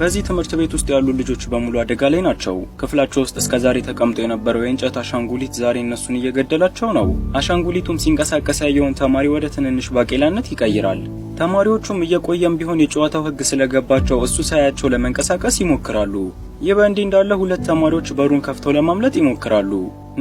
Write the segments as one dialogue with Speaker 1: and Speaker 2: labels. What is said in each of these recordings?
Speaker 1: በዚህ ትምህርት ቤት ውስጥ ያሉ ልጆች በሙሉ አደጋ ላይ ናቸው። ክፍላቸው ውስጥ እስከ ዛሬ ተቀምጦ የነበረው የእንጨት አሻንጉሊት ዛሬ እነሱን እየገደላቸው ነው። አሻንጉሊቱም ሲንቀሳቀስ ያየውን ተማሪ ወደ ትንንሽ ባቄላነት ይቀይራል። ተማሪዎቹም እየቆየም ቢሆን የጨዋታው ሕግ ስለገባቸው እሱ ሳያቸው ለመንቀሳቀስ ይሞክራሉ። ይህ በእንዲህ እንዳለ ሁለት ተማሪዎች በሩን ከፍተው ለማምለጥ ይሞክራሉ።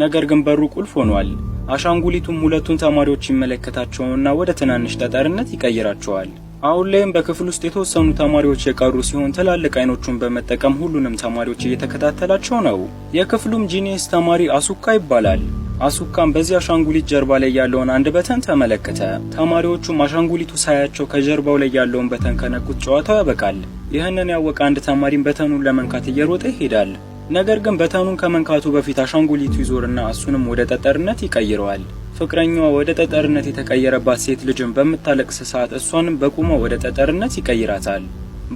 Speaker 1: ነገር ግን በሩ ቁልፍ ሆኗል። አሻንጉሊቱም ሁለቱን ተማሪዎች ይመለከታቸውና ወደ ትናንሽ ጠጠርነት ይቀይራቸዋል። አሁን ላይም በክፍል ውስጥ የተወሰኑ ተማሪዎች የቀሩ ሲሆን ትላልቅ አይኖቹን በመጠቀም ሁሉንም ተማሪዎች እየተከታተላቸው ነው። የክፍሉም ጂኒየስ ተማሪ አሱካ ይባላል። አሱካም በዚህ አሻንጉሊት ጀርባ ላይ ያለውን አንድ በተን ተመለከተ። ተማሪዎቹም አሻንጉሊቱ ሳያቸው ከጀርባው ላይ ያለውን በተን ከነኩት ጨዋታው ያበቃል። ይህንን ያወቀ አንድ ተማሪም በተኑን ለመንካት እየሮጠ ይሄዳል። ነገር ግን በተኑን ከመንካቱ በፊት አሻንጉሊቱ ይዞርና እሱንም ወደ ጠጠርነት ይቀይረዋል። ፍቅረኛዋ ወደ ጠጠርነት የተቀየረባት ሴት ልጅን በምታለቅስ ሰዓት እሷንም በቁሟ ወደ ጠጠርነት ይቀይራታል።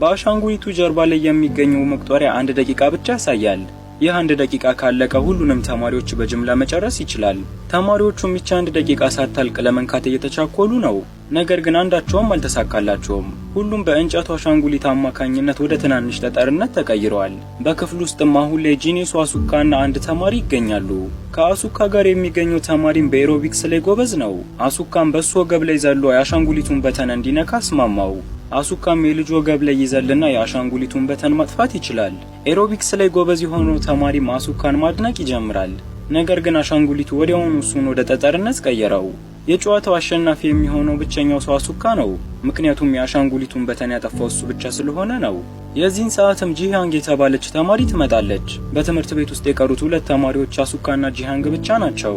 Speaker 1: በአሻንጉሊቱ ጀርባ ላይ የሚገኘው መቁጠሪያ አንድ ደቂቃ ብቻ ያሳያል። ይህ አንድ ደቂቃ ካለቀ ሁሉንም ተማሪዎች በጅምላ መጨረስ ይችላል። ተማሪዎቹም ይቺ አንድ ደቂቃ ሳታልቅ ለመንካት እየተቻኮሉ ነው። ነገር ግን አንዳቸውም አልተሳካላቸውም። ሁሉም በእንጨቱ አሻንጉሊት አማካኝነት ወደ ትናንሽ ጠጠርነት ተቀይረዋል። በክፍል ውስጥም አሁን ላይ ጂኒሱ አሱካና አንድ ተማሪ ይገኛሉ። ከአሱካ ጋር የሚገኘው ተማሪም በኤሮቢክስ ላይ ጎበዝ ነው። አሱካም በሱ ወገብ ላይ ዘሎ የአሻንጉሊቱን በተን እንዲነካ አስማማው። አሱካም የልጅ ወገብ ላይ ይዘልና የአሻንጉሊቱን በተን ማጥፋት ይችላል። ኤሮቢክስ ላይ ጎበዝ የሆነው ተማሪም አሱካን ማድነቅ ይጀምራል። ነገር ግን አሻንጉሊቱ ወዲያውኑ እሱን ወደ ጠጠርነት ቀየረው። የጨዋታው አሸናፊ የሚሆነው ብቸኛው ሰው አሱካ ነው፣ ምክንያቱም የአሻንጉሊቱን በተን ያጠፋው እሱ ብቻ ስለሆነ ነው። የዚህን ሰዓትም ጂሃንግ የተባለች ተማሪ ትመጣለች። በትምህርት ቤት ውስጥ የቀሩት ሁለት ተማሪዎች አሱካና ጂሃንግ ብቻ ናቸው።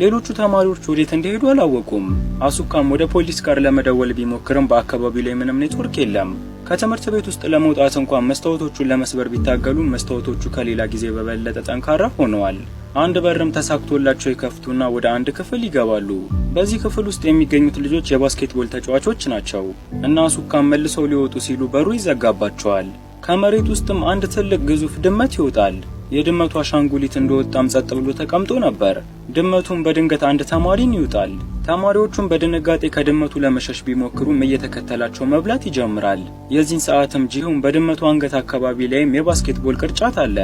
Speaker 1: ሌሎቹ ተማሪዎች ወዴት እንደሄዱ አላወቁም። አሱካም ወደ ፖሊስ ጋር ለመደወል ቢሞክርም በአካባቢው ላይ ምንም ኔትወርክ የለም። ከትምህርት ቤት ውስጥ ለመውጣት እንኳን መስታወቶቹን ለመስበር ቢታገሉም መስታወቶቹ ከሌላ ጊዜ በበለጠ ጠንካራ ሆነዋል። አንድ በርም ተሳክቶላቸው ይከፍቱና ወደ አንድ ክፍል ይገባሉ። በዚህ ክፍል ውስጥ የሚገኙት ልጆች የባስኬትቦል ተጫዋቾች ናቸው እና አሱካም መልሰው ሊወጡ ሲሉ በሩ ይዘጋባቸዋል። ከመሬት ውስጥም አንድ ትልቅ ግዙፍ ድመት ይወጣል። የድመቱ አሻንጉሊት እንደወጣም ጸጥ ብሎ ተቀምጦ ነበር። ድመቱም በድንገት አንድ ተማሪን ይውጣል። ተማሪዎቹም በድንጋጤ ከድመቱ ለመሸሽ ቢሞክሩም እየተከተላቸው መብላት ይጀምራል። የዚህን ሰዓትም ጂሁን በድመቱ አንገት አካባቢ ላይም የባስኬትቦል ቅርጫት አለ።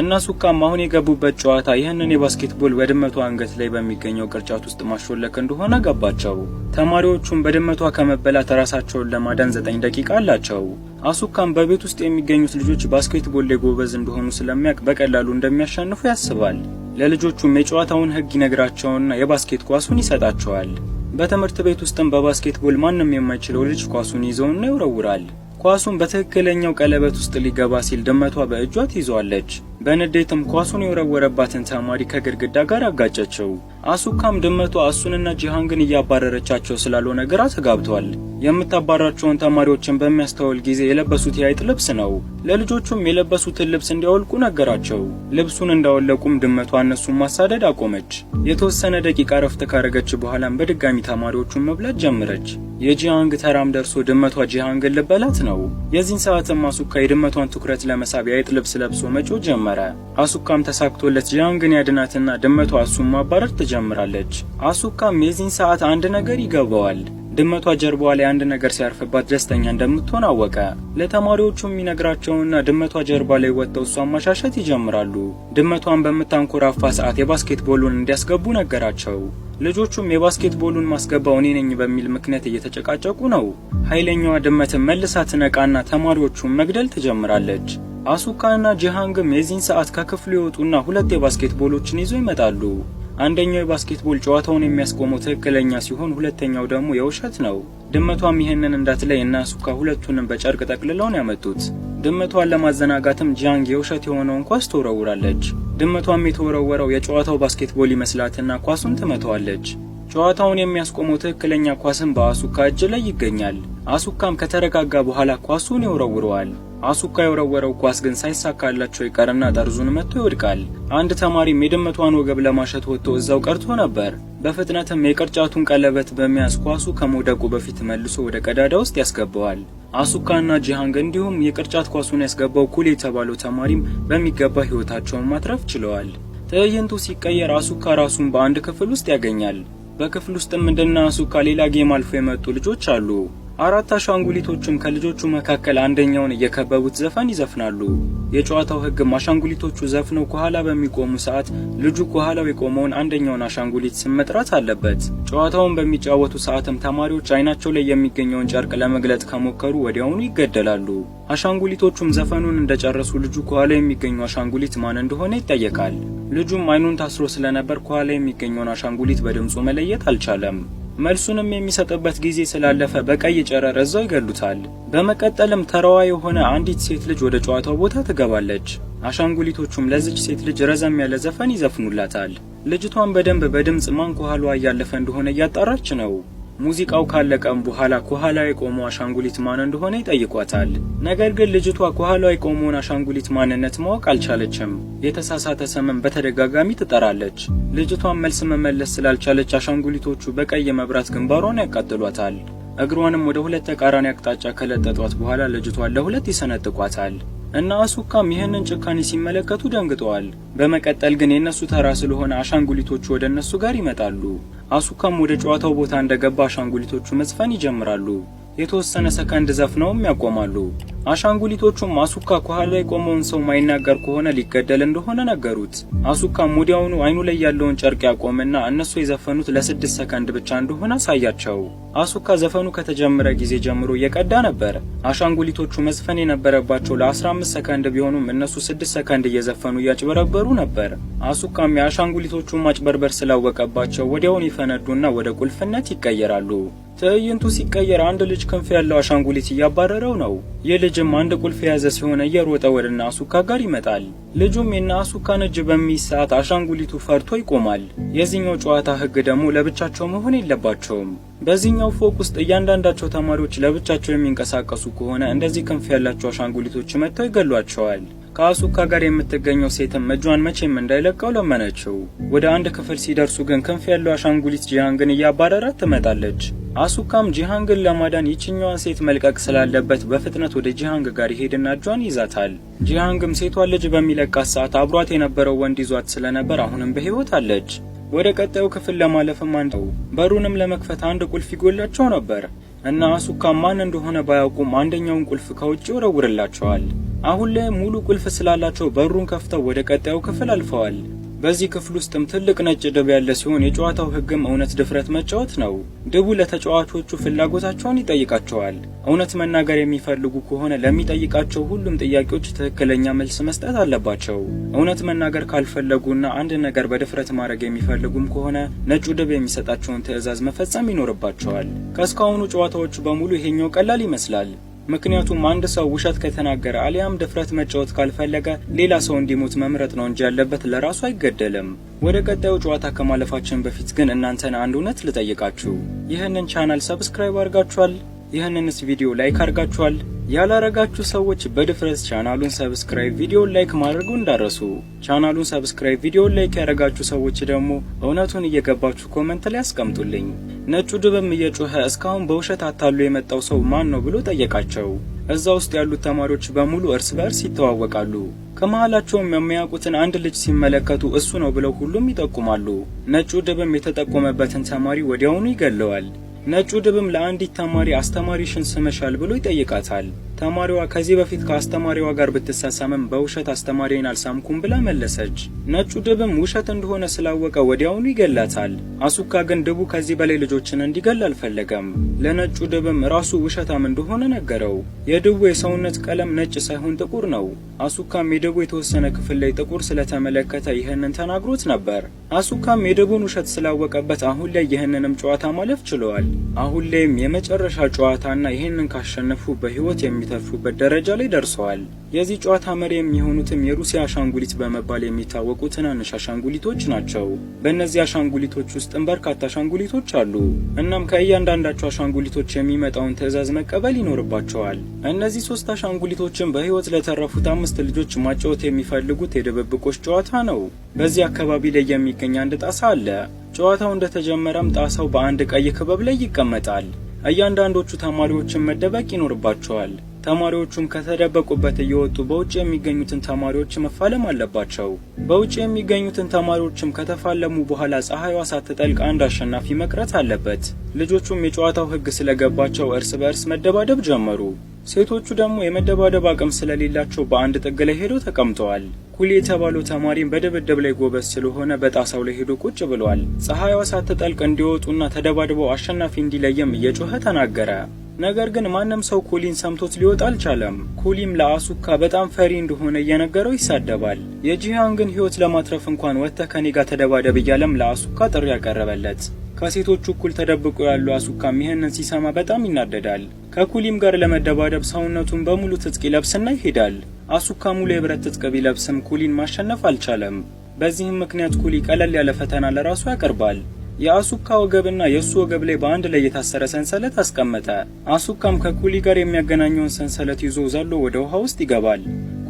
Speaker 1: እና ሱካም አሁን የገቡበት ጨዋታ ይህንን የባስኬትቦል በድመቱ አንገት ላይ በሚገኘው ቅርጫት ውስጥ ማሾለክ እንደሆነ ገባቸው። ተማሪዎቹም በድመቷ ከመበላት ራሳቸውን ለማዳን ዘጠኝ ደቂቃ አላቸው። አሱካም በቤት ውስጥ የሚገኙት ልጆች ባስኬትቦል ላይ ጎበዝ እንደሆኑ ስለሚያውቅ በቀላሉ እንደሚያሸንፉ ያስባል። ለልጆቹም የጨዋታውን ሕግ ይነግራቸውና የባስኬት ኳሱን ይሰጣቸዋል። በትምህርት ቤት ውስጥም በባስኬትቦል ማንም የማይችለው ልጅ ኳሱን ይዘውና ይወረውራል። ኳሱን በትክክለኛው ቀለበት ውስጥ ሊገባ ሲል ድመቷ በእጇ ትይዟለች። በንዴትም ኳሱን የወረወረባትን ተማሪ ከግድግዳ ጋር አጋጨችው። አሱካም ድመቷ አሱንና ጂሃንግን እያባረረቻቸው ስላልሆነ ግራ ተጋብቷል። የምታባራቸውን ተማሪዎችን በሚያስተውል ጊዜ የለበሱት የአይጥ ልብስ ነው። ለልጆቹም የለበሱትን ልብስ እንዲያወልቁ ነገራቸው። ልብሱን እንዳወለቁም ድመቷ እነሱን ማሳደድ አቆመች። የተወሰነ ደቂቃ ረፍት ካረገች በኋላም በድጋሚ ተማሪዎቹን መብላት ጀመረች። የጂሃንግ ተራም ደርሶ ድመቷ ጂሃንግን ልበላት ነው። የዚህን ሰዓትም አሱካ የድመቷን ትኩረት ለመሳብ የአይጥ ልብስ ለብሶ መጮ ጀመረ። አሱካም ተሳክቶለት ጂሃንግን ያድናትና ድመቷ እሱን ማባረር ትጀምራለች። አሱካ የዚህን ሰዓት አንድ ነገር ይገባዋል። ድመቷ ጀርባዋ ላይ አንድ ነገር ሲያርፍባት ደስተኛ እንደምትሆን አወቀ። ለተማሪዎቹ የሚነግራቸውና ድመቷ ጀርባ ላይ ወጥተው እሷን ማሻሸት ይጀምራሉ። ድመቷን በምታንኮራፋ ሰዓት የባስኬትቦሉን እንዲያስገቡ ነገራቸው። ልጆቹም የባስኬትቦሉን ማስገባው እኔ ነኝ በሚል ምክንያት እየተጨቃጨቁ ነው። ኃይለኛዋ ድመትን መልሳ ትነቃና ተማሪዎቹን መግደል ትጀምራለች። አሱካና ጂሃንግም የዚህን ሰዓት ከክፍሉ ይወጡና ሁለት የባስኬትቦሎችን ይዘው ይመጣሉ። አንደኛው የባስኬትቦል ጨዋታውን የሚያስቆመው ትክክለኛ ሲሆን ሁለተኛው ደግሞ የውሸት ነው። ድመቷም ይህንን እንዳትለይ እና ሱካ ሁለቱንም በጨርቅ ጠቅልለውን ያመጡት። ድመቷን ለማዘናጋትም ጃንግ የውሸት የሆነውን ኳስ ትወረውራለች። ድመቷም የተወረወረው የጨዋታው ባስኬትቦል ይመስላትና ኳሱን ትመተዋለች። ጨዋታውን የሚያስቆመው ትክክለኛ ኳስም በአሱካ እጅ ላይ ይገኛል። አሱካም ከተረጋጋ በኋላ ኳሱን ይወረውረዋል። አሱካ የወረወረው ኳስ ግን ሳይሳካላቸው ይቀርና ጠርዙን መጥቶ ይወድቃል። አንድ ተማሪም የድመቷን ወገብ ለማሸት ወጥቶ እዛው ቀርቶ ነበር። በፍጥነትም የቅርጫቱን ቀለበት በመያዝ ኳሱ ከመውደቁ በፊት መልሶ ወደ ቀዳዳ ውስጥ ያስገባዋል። አሱካና ጂሃንግ እንዲሁም የቅርጫት ኳሱን ያስገባው ኩል የተባለው ተማሪም በሚገባ ሕይወታቸውን ማትረፍ ችለዋል። ትዕይንቱ ሲቀየር አሱካ ራሱን በአንድ ክፍል ውስጥ ያገኛል። በክፍል ውስጥም እንደና አሱካ ሌላ ጌም አልፎ የመጡ ልጆች አሉ። አራት አሻንጉሊቶችም ከልጆቹ መካከል አንደኛውን እየከበቡት ዘፈን ይዘፍናሉ። የጨዋታው ህግም አሻንጉሊቶቹ ዘፍነው ከኋላ በሚቆሙ ሰዓት ልጁ ከኋላው የቆመውን አንደኛውን አሻንጉሊት ስም መጥራት አለበት። ጨዋታውን በሚጫወቱ ሰዓትም ተማሪዎች አይናቸው ላይ የሚገኘውን ጨርቅ ለመግለጽ ከሞከሩ ወዲያውኑ ይገደላሉ። አሻንጉሊቶቹም ዘፈኑን እንደጨረሱ ልጁ ከኋላ የሚገኙ አሻንጉሊት ማን እንደሆነ ይጠየቃል። ልጁም አይኑን ታስሮ ስለነበር ከኋላ የሚገኘውን አሻንጉሊት በድምፁ መለየት አልቻለም። መልሱንም የሚሰጥበት ጊዜ ስላለፈ በቀይ ጨረር እዛው ይገሉታል። በመቀጠልም ተራዋ የሆነ አንዲት ሴት ልጅ ወደ ጨዋታው ቦታ ትገባለች። አሻንጉሊቶቹም ለዚች ሴት ልጅ ረዘም ያለ ዘፈን ይዘፍኑላታል። ልጅቷን በደንብ በድምፅ ማንኳኋሏ እያለፈ እንደሆነ እያጣራች ነው። ሙዚቃው ካለቀም በኋላ ከኋላ የቆመው አሻንጉሊት ማን እንደሆነ ይጠይቋታል። ነገር ግን ልጅቷ ከኋላ የቆመውን አሻንጉሊት ማንነት ማወቅ አልቻለችም። የተሳሳተ ስምም በተደጋጋሚ ትጠራለች። ልጅቷን መልስ መመለስ ስላልቻለች አሻንጉሊቶቹ በቀይ መብራት ግንባሯን ያቃጥሏታል። እግሯንም ወደ ሁለት ተቃራኒ አቅጣጫ ከለጠጧት በኋላ ልጅቷን ለሁለት ይሰነጥቋታል። እና አሱካም ይህንን ጭካኔ ሲመለከቱ ደንግጠዋል። በመቀጠል ግን የእነሱ ተራ ስለሆነ አሻንጉሊቶቹ ወደ እነሱ ጋር ይመጣሉ። አሱካም ወደ ጨዋታው ቦታ እንደገባ አሻንጉሊቶቹ መዝፈን ይጀምራሉ። የተወሰነ ሰከንድ ዘፍነውም ያቆማሉ። አሻንጉሊቶቹም አሱካ ከኋላ የቆመውን ሰው ማይናገር ከሆነ ሊገደል እንደሆነ ነገሩት። አሱካም ወዲያውኑ አይኑ ላይ ያለውን ጨርቅ ያቆምና እነሱ የዘፈኑት ለስድስት ሰከንድ ብቻ እንደሆነ አሳያቸው። አሱካ ዘፈኑ ከተጀመረ ጊዜ ጀምሮ እየቀዳ ነበር። አሻንጉሊቶቹ መዝፈን የነበረባቸው ለ15 ሰከንድ ቢሆኑም እነሱ ስድስት ሰከንድ እየዘፈኑ እያጭበረበሩ ነበር። አሱካም የአሻንጉሊቶቹን ማጭበርበር ስላወቀባቸው ወዲያውን ይፈነዱና ወደ ቁልፍነት ይቀየራሉ። ትዕይንቱ ሲቀየር አንድ ልጅ ክንፍ ያለው አሻንጉሊት እያባረረው ነው። ይህ ልጅም አንድ ቁልፍ የያዘ ሲሆን እየሮጠ ወደ ናሱካ ጋር ይመጣል። ልጁም የናሱካን እጅ በሚይዝ ሰዓት አሻንጉሊቱ ፈርቶ ይቆማል። የዚህኛው ጨዋታ ህግ ደግሞ ለብቻቸው መሆን የለባቸውም። በዚህኛው ፎቅ ውስጥ እያንዳንዳቸው ተማሪዎች ለብቻቸው የሚንቀሳቀሱ ከሆነ እንደዚህ ክንፍ ያላቸው አሻንጉሊቶች መጥተው ይገሏቸዋል። ከአሱካ ጋር የምትገኘው ሴትም እጇን መቼም እንዳይለቀው ለመነችው። ወደ አንድ ክፍል ሲደርሱ ግን ክንፍ ያለው አሻንጉሊት ጂያንግን እያባረራት ትመጣለች። አሱካም ጂሃንግን ለማዳን ይችኛዋን ሴት መልቀቅ ስላለበት በፍጥነት ወደ ጂሃንግ ጋር ይሄድና እጇን ይዛታል። ጂሃንግም ሴቷን ልጅ በሚለቃት ሰዓት አብሯት የነበረው ወንድ ይዟት ስለነበር አሁንም በህይወት አለች። ወደ ቀጣዩ ክፍል ለማለፍም አንተው በሩንም ለመክፈት አንድ ቁልፍ ይጎላቸው ነበር እና አሱካም ማን እንደሆነ ባያውቁም አንደኛውን ቁልፍ ከውጭ ይወረውርላቸዋል። አሁን ላይ ሙሉ ቁልፍ ስላላቸው በሩን ከፍተው ወደ ቀጣዩ ክፍል አልፈዋል። በዚህ ክፍል ውስጥም ትልቅ ነጭ ድብ ያለ ሲሆን የጨዋታው ህግም እውነት ድፍረት መጫወት ነው። ድቡ ለተጫዋቾቹ ፍላጎታቸውን ይጠይቃቸዋል። እውነት መናገር የሚፈልጉ ከሆነ ለሚጠይቃቸው ሁሉም ጥያቄዎች ትክክለኛ መልስ መስጠት አለባቸው። እውነት መናገር ካልፈለጉና አንድ ነገር በድፍረት ማድረግ የሚፈልጉም ከሆነ ነጩ ድብ የሚሰጣቸውን ትዕዛዝ መፈጸም ይኖርባቸዋል። ከእስካሁኑ ጨዋታዎቹ በሙሉ ይሄኛው ቀላል ይመስላል። ምክንያቱም አንድ ሰው ውሸት ከተናገረ አሊያም ድፍረት መጫወት ካልፈለገ ሌላ ሰው እንዲሞት መምረጥ ነው እንጂ ያለበት ለራሱ አይገደልም። ወደ ቀጣዩ ጨዋታ ከማለፋችን በፊት ግን እናንተን አንድ እውነት ልጠይቃችሁ። ይህንን ቻናል ሰብስክራይብ አድርጋችኋል? ይህንንስ ቪዲዮ ላይክ አድርጋችኋል? ያላረጋችሁ ሰዎች በድፍረት ቻናሉን ሰብስክራይብ፣ ቪዲዮ ላይክ ማድረጉ እንዳረሱ። ቻናሉን ሰብስክራይብ፣ ቪዲዮ ላይክ ያረጋችሁ ሰዎች ደግሞ እውነቱን እየገባችሁ ኮመንት ላይ አስቀምጡልኝ። ነጩ ድብም እየጮኸ እስካሁን በውሸት አታሉ የመጣው ሰው ማን ነው ብሎ ጠየቃቸው። እዛ ውስጥ ያሉት ተማሪዎች በሙሉ እርስ በርስ ይተዋወቃሉ። ከመሃላቸውም የሚያውቁትን አንድ ልጅ ሲመለከቱ እሱ ነው ብለው ሁሉም ይጠቁማሉ። ነጩ ድብም የተጠቆመበትን ተማሪ ወዲያውኑ ይገለዋል። ነጩ ድብም ለአንዲት ተማሪ አስተማሪሽን ስመሻል ብሎ ይጠይቃታል። ተማሪዋ ከዚህ በፊት ከአስተማሪዋ ጋር ብትሳሳምም በውሸት አስተማሪን አልሳምኩም ብላ መለሰች። ነጩ ድብም ውሸት እንደሆነ ስላወቀ ወዲያውኑ ይገላታል። አሱካ ግን ድቡ ከዚህ በላይ ልጆችን እንዲገል አልፈለገም። ለነጩ ድብም ራሱ ውሸታም እንደሆነ ነገረው። የድቡ የሰውነት ቀለም ነጭ ሳይሆን ጥቁር ነው። አሱካም የድቡ የተወሰነ ክፍል ላይ ጥቁር ስለተመለከተ ይህንን ተናግሮት ነበር። አሱካም የድቡን ውሸት ስላወቀበት አሁን ላይ ይህንንም ጨዋታ ማለፍ ችለዋል። አሁን ላይም የመጨረሻ ጨዋታና ይህንን ካሸነፉ በህይወት የሚ የተፉበት ደረጃ ላይ ደርሰዋል። የዚህ ጨዋታ መሪ የሚሆኑትም የሩሲያ አሻንጉሊት በመባል የሚታወቁ ትናንሽ አሻንጉሊቶች ናቸው። በእነዚህ አሻንጉሊቶች ውስጥም በርካታ አሻንጉሊቶች አሉ። እናም ከእያንዳንዳቸው አሻንጉሊቶች የሚመጣውን ትዕዛዝ መቀበል ይኖርባቸዋል። እነዚህ ሶስት አሻንጉሊቶችን በህይወት ለተረፉት አምስት ልጆች ማጫወት የሚፈልጉት የድብብቆች ጨዋታ ነው። በዚህ አካባቢ ላይ የሚገኝ አንድ ጣሳ አለ። ጨዋታው እንደተጀመረም ጣሳው በአንድ ቀይ ክበብ ላይ ይቀመጣል። እያንዳንዶቹ ተማሪዎችን መደበቅ ይኖርባቸዋል። ተማሪዎቹም ከተደበቁበት እየወጡ በውጭ የሚገኙትን ተማሪዎች መፋለም አለባቸው። በውጭ የሚገኙትን ተማሪዎችም ከተፋለሙ በኋላ ፀሐይዋ ሳትጠልቅ አንድ አሸናፊ መቅረት አለበት። ልጆቹም የጨዋታው ሕግ ስለገባቸው እርስ በእርስ መደባደብ ጀመሩ። ሴቶቹ ደግሞ የመደባደብ አቅም ስለሌላቸው በአንድ ጥግ ላይ ሄደው ተቀምጠዋል። ኩሊ የተባለው ተማሪም በድብድብ ላይ ጎበዝ ስለሆነ በጣሳው ላይ ሄዶ ቁጭ ብሏል። ፀሐይዋ ሳትጠልቅ እንዲወጡና ተደባድበው አሸናፊ እንዲለየም እየጮኸ ተናገረ። ነገር ግን ማንም ሰው ኮሊን ሰምቶት ሊወጣ አልቻለም። ኮሊም ለአሱካ በጣም ፈሪ እንደሆነ እየነገረው ይሳደባል። ግን ህይወት ለማትረፍ እንኳን ወጥተህ ከኔ ጋር ተደባደብ እያለም ለአሱካ ጥሪ ያቀረበለት ከሴቶቹ እኩል ተደብቆ ያሉ አሱካም ይህንን ሲሰማ በጣም ይናደዳል። ከኩሊም ጋር ለመደባደብ ሰውነቱን በሙሉ ትጥቅ ይለብስና ይሄዳል። አሱካ ሙሉ የብረት ትጥቅ ቢለብስም ኩሊን ማሸነፍ አልቻለም። በዚህም ምክንያት ኩሊ ቀለል ያለ ፈተና ለራሱ ያቀርባል። የአሱካ ወገብና የእሱ ወገብ ላይ በአንድ ላይ የታሰረ ሰንሰለት አስቀመጠ። አሱካም ከኩሊ ጋር የሚያገናኘውን ሰንሰለት ይዞ ዘሎ ወደ ውሃ ውስጥ ይገባል።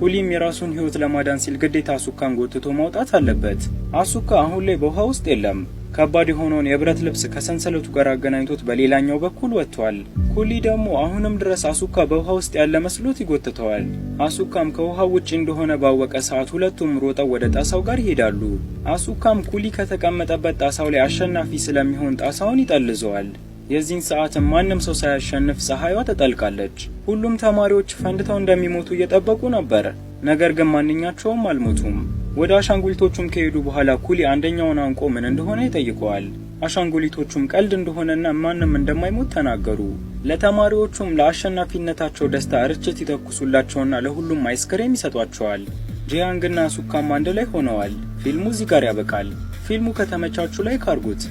Speaker 1: ኩሊም የራሱን ሕይወት ለማዳን ሲል ግዴታ አሱካን ጎትቶ ማውጣት አለበት። አሱካ አሁን ላይ በውሃ ውስጥ የለም። ከባድ የሆነውን የብረት ልብስ ከሰንሰለቱ ጋር አገናኝቶት በሌላኛው በኩል ወጥቷል። ኩሊ ደግሞ አሁንም ድረስ አሱካ በውሃ ውስጥ ያለ መስሎት ይጎትተዋል። አሱካም ከውሃው ውጭ እንደሆነ ባወቀ ሰዓት ሁለቱም ሮጠው ወደ ጣሳው ጋር ይሄዳሉ። አሱካም ኩሊ ከተቀመጠበት ጣሳው ላይ አሸናፊ ስለሚሆን ጣሳውን ይጠልዘዋል። የዚህን ሰዓትም ማንም ሰው ሳያሸንፍ ፀሐይዋ ተጠልቃለች። ሁሉም ተማሪዎች ፈንድተው እንደሚሞቱ እየጠበቁ ነበር። ነገር ግን ማንኛቸውም አልሞቱም። ወደ አሻንጉሊቶቹም ከሄዱ በኋላ ኩሊ አንደኛውን አንቆ ምን እንደሆነ ይጠይቀዋል። አሻንጉሊቶቹም ቀልድ እንደሆነና ማንም እንደማይሞት ተናገሩ። ለተማሪዎቹም ለአሸናፊነታቸው ደስታ ርችት ይተኩሱላቸውና ለሁሉም አይስክሬም ይሰጧቸዋል። ጂያንግና ሱካም አንድ ላይ ሆነዋል። ፊልሙ እዚህ ጋር ያበቃል። ፊልሙ ከተመቻቹ ላይ ካርጉት።